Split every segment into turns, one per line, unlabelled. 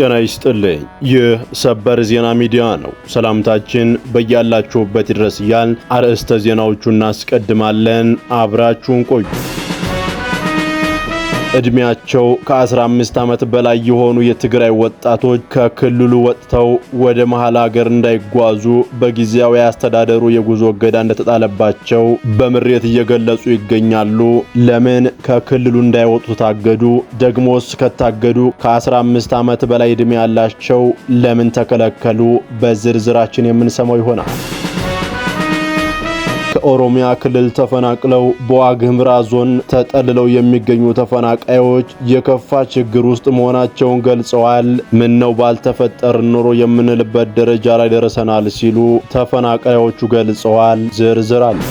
ጤና ይስጥልኝ። ይህ ሰበር ዜና ሚዲያ ነው። ሰላምታችን በያላችሁበት ይድረስ እያል አርዕስተ ዜናዎቹ እናስቀድማለን። አብራችሁን ቆዩ። እድሜያቸው ከ15 ዓመት በላይ የሆኑ የትግራይ ወጣቶች ከክልሉ ወጥተው ወደ መሀል ሀገር እንዳይጓዙ በጊዜያዊ አስተዳደሩ የጉዞ እገዳ እንደተጣለባቸው በምሬት እየገለጹ ይገኛሉ። ለምን ከክልሉ እንዳይወጡ ታገዱ? ደግሞስ ከታገዱ ከ15 ዓመት በላይ እድሜ ያላቸው ለምን ተከለከሉ? በዝርዝራችን የምንሰማው ይሆናል። ከኦሮሚያ ክልል ተፈናቅለው በዋግ ዞን ተጠልለው የሚገኙ ተፈናቃዮች የከፋ ችግር ውስጥ መሆናቸውን ገልጸዋል። ምን ነው ባልተፈጠር ኖሮ የምንልበት ደረጃ ላይ ደርሰናል ሲሉ ተፈናቃዮቹ ገልጸዋል። ዝርዝር አለ።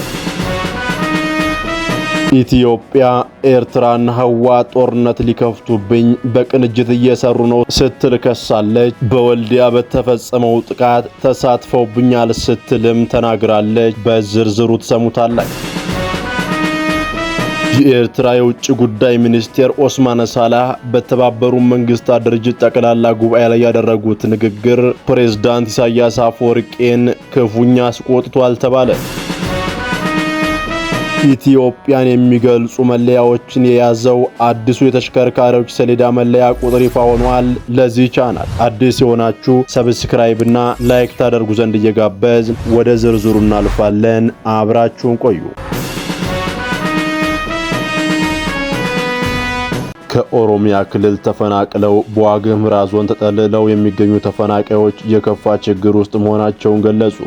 ኢትዮጵያ ኤርትራን ህዋ ጦርነት ሊከፍቱብኝ በቅንጅት እየሰሩ ነው ስትል ከሳለች። በወልዲያ በተፈጸመው ጥቃት ተሳትፈውብኛል ስትልም ተናግራለች። በዝርዝሩ ትሰሙታላችሁ። የኤርትራ የውጭ ጉዳይ ሚኒስቴር ኦስማነ ሳላህ በተባበሩ መንግስታት ድርጅት ጠቅላላ ጉባኤ ላይ ያደረጉት ንግግር ፕሬዝዳንት ኢሳያስ አፈወርቄን ክፉኛ አስቆጥቷል ተባለ። ኢትዮጵያን የሚገልጹ መለያዎችን የያዘው አዲሱ የተሽከርካሪዎች ሰሌዳ መለያ ቁጥር ይፋ ሆኗል። ለዚህ ቻናል አዲስ የሆናችሁ ሰብስክራይብ እና ላይክ ታደርጉ ዘንድ እየጋበዝ ወደ ዝርዝሩ እናልፋለን። አብራችሁን ቆዩ። ከኦሮሚያ ክልል ተፈናቅለው በዋግኽምራ ዞን ተጠልለው የሚገኙ ተፈናቃዮች የከፋ ችግር ውስጥ መሆናቸውን ገለጹ።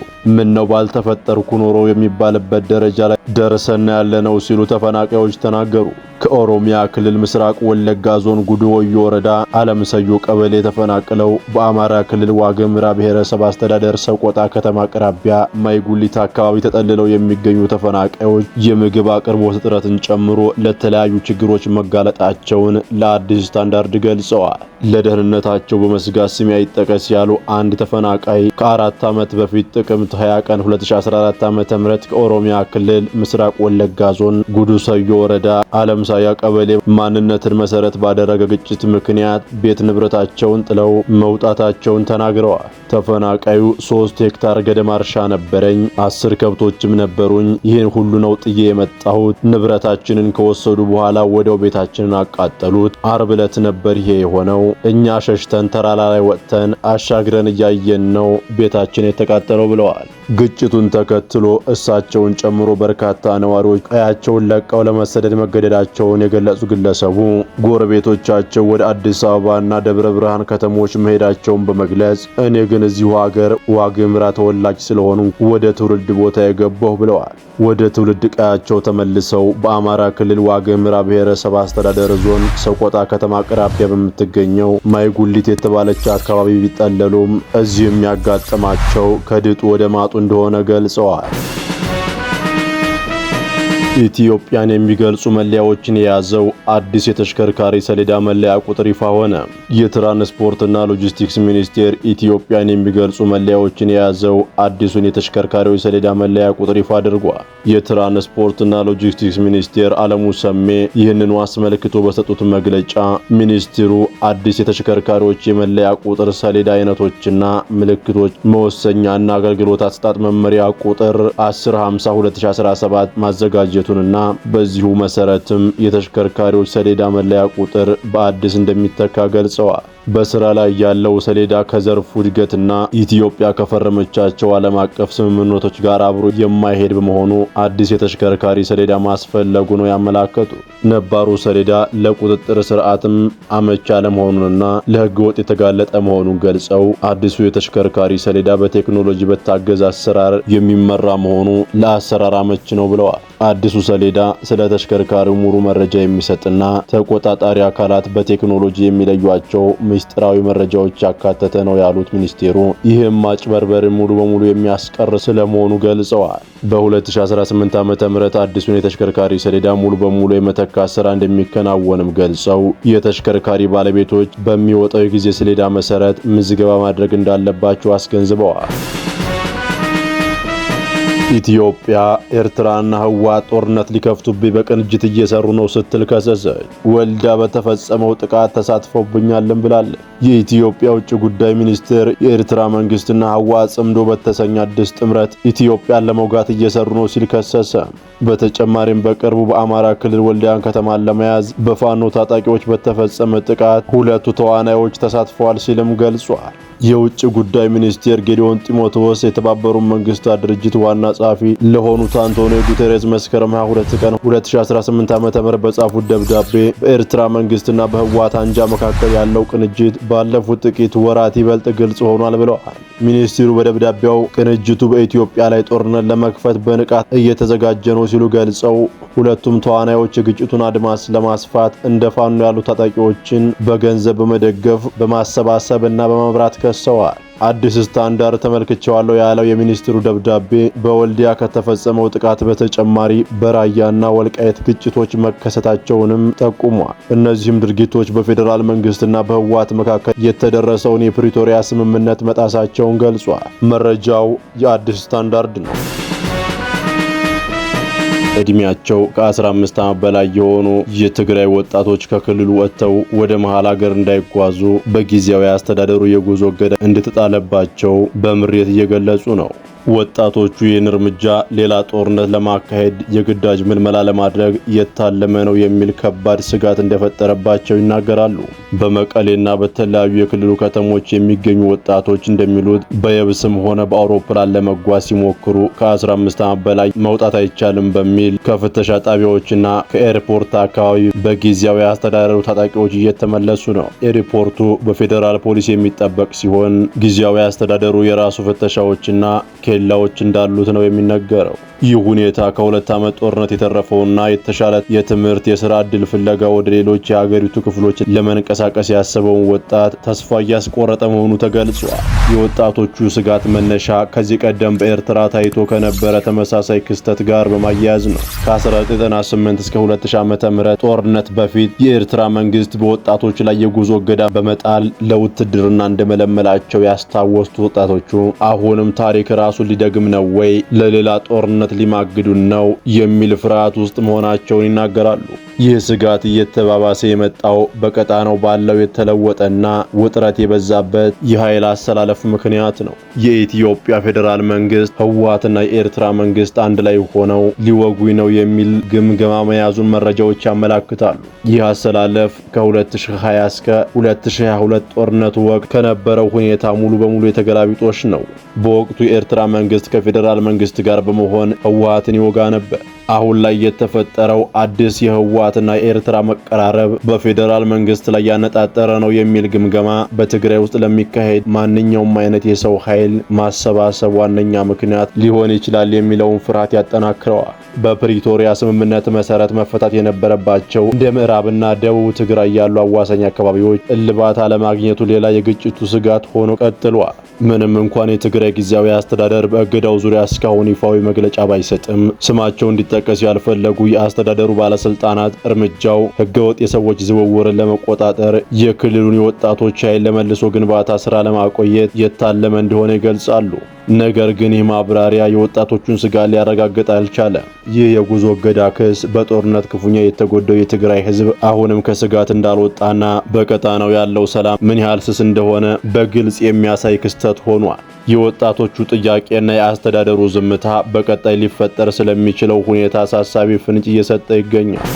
ነው ባልተፈጠርኩ ኖሮ የሚባልበት ደረጃ ላይ ደርሰና ያለነው ሲሉ ተፈናቃዮች ተናገሩ። ከኦሮሚያ ክልል ምስራቅ ወለጋ ዞን ጉዱ ወዮ ወረዳ አለምሰዮ ቀበሌ ተፈናቅለው በአማራ ክልል ዋግኽምራ ብሔረሰብ አስተዳደር ሰቆጣ ከተማ አቅራቢያ ማይጉሊታ አካባቢ ተጠልለው የሚገኙ ተፈናቃዮች የምግብ አቅርቦት እጥረትን ጨምሮ ለተለያዩ ችግሮች መጋለጣቸውን መሆናቸውን ለአዲስ ስታንዳርድ ገልጸዋል። ለደህንነታቸው በመስጋት ስሜ አይጠቀስ ያሉ አንድ ተፈናቃይ ከአራት ዓመት በፊት ጥቅምት 20 ቀን 2014 ዓ.ም ከኦሮሚያ ክልል ምስራቅ ወለጋ ዞን ጉዱ ሰዮ ወረዳ አለምሳያ ቀበሌ ማንነትን መሰረት ባደረገ ግጭት ምክንያት ቤት ንብረታቸውን ጥለው መውጣታቸውን ተናግረዋል። ተፈናቃዩ ሶስት ሄክታር ገደማ እርሻ ነበረኝ፣ አስር ከብቶችም ነበሩኝ። ይህን ሁሉ ነው ጥዬ የመጣሁት። ንብረታችንን ከወሰዱ በኋላ ወደው ቤታችንን አቃጠ ያቃጠሉት አርብ ዕለት ነበር ይሄ የሆነው። እኛ ሸሽተን ተራራ ላይ ወጥተን አሻግረን እያየን ነው ቤታችን የተቃጠለው ብለዋል። ግጭቱን ተከትሎ እሳቸውን ጨምሮ በርካታ ነዋሪዎች ቀያቸውን ለቀው ለመሰደድ መገደዳቸውን የገለጹ ግለሰቡ ጎረቤቶቻቸው ወደ አዲስ አበባና ደብረ ብርሃን ከተሞች መሄዳቸውን በመግለጽ እኔ ግን እዚሁ ሀገር ዋግምራ ተወላጅ ስለሆኑ ወደ ትውልድ ቦታ የገባሁ ብለዋል። ወደ ትውልድ ቀያቸው ተመልሰው በአማራ ክልል ዋግምራ ብሔረሰብ አስተዳደር ዞን ሰቆጣ ከተማ አቅራቢያ በምትገኘው ማይጉሊት የተባለች አካባቢ ቢጠለሉም እዚህ የሚያጋጥማቸው ከድጡ ወደ ማጡ እንደሆነ ገልጸዋል። ኢትዮጵያን የሚገልጹ መለያዎችን የያዘው አዲስ የተሽከርካሪ ሰሌዳ መለያ ቁጥር ይፋ ሆነ። የትራንስፖርትና ሎጂስቲክስ ሚኒስቴር ኢትዮጵያን የሚገልጹ መለያዎችን የያዘው አዲሱን የተሽከርካሪዎች ሰሌዳ መለያ ቁጥር ይፋ አድርጓል። የትራንስፖርትና ሎጂስቲክስ ሚኒስቴር አለሙ ሰሜ ይህንኑ አስመልክቶ በሰጡት መግለጫ ሚኒስትሩ አዲስ የተሽከርካሪዎች የመለያ ቁጥር ሰሌዳ አይነቶችና ምልክቶች መወሰኛና አገልግሎት አሰጣጥ መመሪያ ቁጥር 1052017 ማዘጋጀ ማዘጋጀት መዘጋጀቱንና በዚሁ መሰረትም የተሽከርካሪዎች ሰሌዳ መለያ ቁጥር በአዲስ እንደሚተካ ገልጸዋል። በስራ ላይ ያለው ሰሌዳ ከዘርፉ እድገትና ኢትዮጵያ ከፈረመቻቸው ዓለም አቀፍ ስምምነቶች ጋር አብሮ የማይሄድ በመሆኑ አዲስ የተሽከርካሪ ሰሌዳ ማስፈለጉ ነው ያመላከቱ። ነባሩ ሰሌዳ ለቁጥጥር ስርዓትም አመቻ አለመሆኑንና ለሕገ ወጥ የተጋለጠ መሆኑን ገልጸው አዲሱ የተሽከርካሪ ሰሌዳ በቴክኖሎጂ በታገዘ አሰራር የሚመራ መሆኑ ለአሰራር አመች ነው ብለዋል። አዲሱ ሰሌዳ ስለ ተሽከርካሪው ሙሉ መረጃ የሚሰጥና ተቆጣጣሪ አካላት በቴክኖሎጂ የሚለዩቸው ምስጢራዊ መረጃዎች ያካተተ ነው ያሉት ሚኒስቴሩ ይህም ማጭበርበርን ሙሉ በሙሉ የሚያስቀር ስለመሆኑ ገልጸዋል። በ2018 ዓ ም አዲሱን የተሽከርካሪ ሰሌዳ ሙሉ በሙሉ የመተካት ስራ እንደሚከናወንም ገልጸው የተሽከርካሪ ባለቤቶች በሚወጣው የጊዜ ሰሌዳ መሰረት ምዝገባ ማድረግ እንዳለባቸው አስገንዝበዋል። ኢትዮጵያ ኤርትራና ህዋ ጦርነት ሊከፍቱብኝ በቅንጅት እየሰሩ ነው ስትል ከሰሰች። ወልዳ በተፈጸመው ጥቃት ተሳትፎብኛልን ብላለች። የኢትዮጵያ ውጭ ጉዳይ ሚኒስቴር የኤርትራ መንግስትና ህዋ ጽምዶ በተሰኘ አዲስ ጥምረት ኢትዮጵያን ለመውጋት እየሰሩ ነው ሲል ከሰሰ። በተጨማሪም በቅርቡ በአማራ ክልል ወልዲያን ከተማን ለመያዝ በፋኖ ታጣቂዎች በተፈጸመ ጥቃት ሁለቱ ተዋናዮች ተሳትፈዋል ሲልም ገልጿል። የውጭ ጉዳይ ሚኒስቴር ጌዲዮን ጢሞቴዎስ የተባበሩት መንግስታት ድርጅት ዋና ጸሐፊ ለሆኑት አንቶኒዮ ጉተሬዝ መስከረም 22 ቀን 2018 ዓ.ም በጻፉት ደብዳቤ በኤርትራ መንግስትና በህወሓት አንጃ መካከል ያለው ቅንጅት ባለፉት ጥቂት ወራት ይበልጥ ግልጽ ሆኗል ብለዋል። ሚኒስትሩ በደብዳቤው ቅንጅቱ በኢትዮጵያ ላይ ጦርነት ለመክፈት በንቃት እየተዘጋጀ ነው ሲሉ ገልጸው ሁለቱም ተዋናዮች የግጭቱን አድማስ ለማስፋት እንደ ፋኖ ያሉ ታጣቂዎችን በገንዘብ በመደገፍ በማሰባሰብ እና በመብራት ከሰዋል። አዲስ ስታንዳርድ ተመልክቼዋለሁ ያለው የሚኒስትሩ ደብዳቤ በወልዲያ ከተፈጸመው ጥቃት በተጨማሪ በራያና ወልቃየት ግጭቶች መከሰታቸውንም ጠቁሟል። እነዚህም ድርጊቶች በፌዴራል መንግስትና በህወሓት መካከል የተደረሰውን የፕሪቶሪያ ስምምነት መጣሳቸውን ገልጿል። መረጃው የአዲስ ስታንዳርድ ነው። እድሜያቸው ከ15 ዓመት በላይ የሆኑ የትግራይ ወጣቶች ከክልሉ ወጥተው ወደ መሃል ሀገር እንዳይጓዙ በጊዜያዊ አስተዳደሩ የጉዞ እገዳ እንደተጣለባቸው በምሬት እየገለጹ ነው። ወጣቶቹ ይህን እርምጃ ሌላ ጦርነት ለማካሄድ የግዳጅ ምልመላ ለማድረግ የታለመ ነው የሚል ከባድ ስጋት እንደፈጠረባቸው ይናገራሉ። በመቀሌና በተለያዩ የክልሉ ከተሞች የሚገኙ ወጣቶች እንደሚሉት በየብስም ሆነ በአውሮፕላን ለመጓዝ ሲሞክሩ ከ15 ዓመት በላይ መውጣት አይቻልም በሚል ከፍተሻ ጣቢያዎችና ከኤርፖርት አካባቢ በጊዜያዊ አስተዳደሩ ታጣቂዎች እየተመለሱ ነው። ኤርፖርቱ በፌዴራል ፖሊስ የሚጠበቅ ሲሆን ጊዜያዊ አስተዳደሩ የራሱ ፍተሻዎችና ኬላዎች እንዳሉት ነው የሚነገረው። ይህ ሁኔታ ከሁለት ዓመት ጦርነት የተረፈውና የተሻለ የትምህርት የሥራ ዕድል ፍለጋ ወደ ሌሎች የአገሪቱ ክፍሎች ለመንቀሳቀስ ያሰበውን ወጣት ተስፋ እያስቆረጠ መሆኑ ተገልጿል። የወጣቶቹ ስጋት መነሻ ከዚህ ቀደም በኤርትራ ታይቶ ከነበረ ተመሳሳይ ክስተት ጋር በማያያዝ ነው። ከ1998 እስከ 2000 ዓ.ም ጦርነት በፊት የኤርትራ መንግስት በወጣቶች ላይ የጉዞ እገዳ በመጣል ለውትድርና እንደመለመላቸው ያስታወሱት ወጣቶቹ አሁንም ታሪክ ራሱ ራሱን ሊደግም ነው ወይ ለሌላ ጦርነት ሊማግዱን ነው የሚል ፍርሃት ውስጥ መሆናቸውን ይናገራሉ። ይህ ስጋት እየተባባሰ የመጣው በቀጣናው ባለው የተለወጠና ውጥረት የበዛበት የኃይል አሰላለፍ ምክንያት ነው። የኢትዮጵያ ፌዴራል መንግስት ህወሓትና የኤርትራ መንግስት አንድ ላይ ሆነው ሊወጉኝ ነው የሚል ግምገማ መያዙን መረጃዎች ያመላክታሉ። ይህ አሰላለፍ ከ2020 እስከ 2022 ጦርነቱ ወቅት ከነበረው ሁኔታ ሙሉ በሙሉ የተገላቢጦሽ ነው። በወቅቱ የኤርትራ መንግስት ከፌዴራል መንግስት ጋር በመሆን ህወሓትን ይወጋ ነበር። አሁን ላይ የተፈጠረው አዲስ የህወሓትና የኤርትራ መቀራረብ በፌዴራል መንግስት ላይ ያነጣጠረ ነው የሚል ግምገማ በትግራይ ውስጥ ለሚካሄድ ማንኛውም አይነት የሰው ኃይል ማሰባሰብ ዋነኛ ምክንያት ሊሆን ይችላል የሚለውን ፍርሃት ያጠናክረዋል። በፕሪቶሪያ ስምምነት መሰረት መፈታት የነበረባቸው እንደ ምዕራብና ደቡብ ትግራይ ያሉ አዋሳኝ አካባቢዎች እልባት አለማግኘቱ ሌላ የግጭቱ ስጋት ሆኖ ቀጥሏል። ምንም እንኳን የትግራይ ጊዜያዊ አስተዳደር በእገዳው ዙሪያ እስካሁን ይፋዊ መግለጫ ባይሰጥም ስማቸው እንዲጠ እንዲጠቀሱ ያልፈለጉ የአስተዳደሩ ባለስልጣናት እርምጃው ህገወጥ የሰዎች ዝውውርን ለመቆጣጠር የክልሉን የወጣቶች ኃይል ለመልሶ ግንባታ ስራ ለማቆየት የታለመ እንደሆነ ይገልጻሉ። ነገር ግን ይህ ማብራሪያ የወጣቶቹን ስጋት ሊያረጋግጥ አልቻለም። ይህ የጉዞ እገዳ ክስ በጦርነት ክፉኛ የተጎዳው የትግራይ ህዝብ አሁንም ከስጋት እንዳልወጣና በቀጣናው ያለው ሰላም ምን ያህል ስስ እንደሆነ በግልጽ የሚያሳይ ክስተት ሆኗል። የወጣቶቹ ጥያቄና የአስተዳደሩ ዝምታ በቀጣይ ሊፈጠር ስለሚችለው ሁኔታ ሁኔታ አሳሳቢ ፍንጭ እየሰጠ ይገኛል።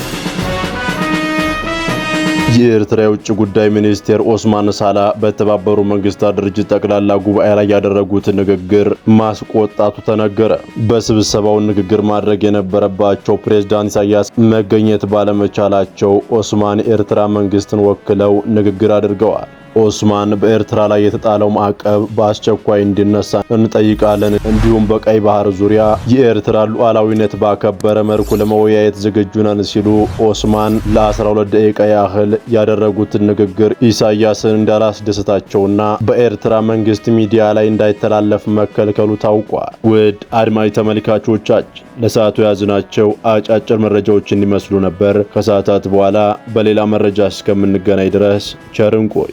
የኤርትራ የውጭ ጉዳይ ሚኒስቴር ኦስማን ሳላ በተባበሩ መንግስታት ድርጅት ጠቅላላ ጉባኤ ላይ ያደረጉት ንግግር ማስቆጣቱ ተነገረ። በስብሰባው ንግግር ማድረግ የነበረባቸው ፕሬዝዳንት ኢሳያስ መገኘት ባለመቻላቸው ኦስማን ኤርትራ መንግስትን ወክለው ንግግር አድርገዋል። ኦስማን በኤርትራ ላይ የተጣለው ማዕቀብ በአስቸኳይ እንዲነሳ እንጠይቃለን። እንዲሁም በቀይ ባህር ዙሪያ የኤርትራ ሉዓላዊነት ባከበረ መልኩ ለመወያየት ዝግጁ ነን ሲሉ ኦስማን ለ12 ደቂቃ ያህል ያደረጉትን ንግግር ኢሳያስን እንዳላስደሰታቸውና በኤርትራ መንግስት ሚዲያ ላይ እንዳይተላለፍ መከልከሉ ታውቋል። ውድ አድማጭ ተመልካቾቻችን ለሰዓቱ የያዝናቸው አጫጭር መረጃዎች እንዲመስሉ ነበር። ከሰዓታት በኋላ በሌላ መረጃ እስከምንገናኝ ድረስ ቸርን ቆይ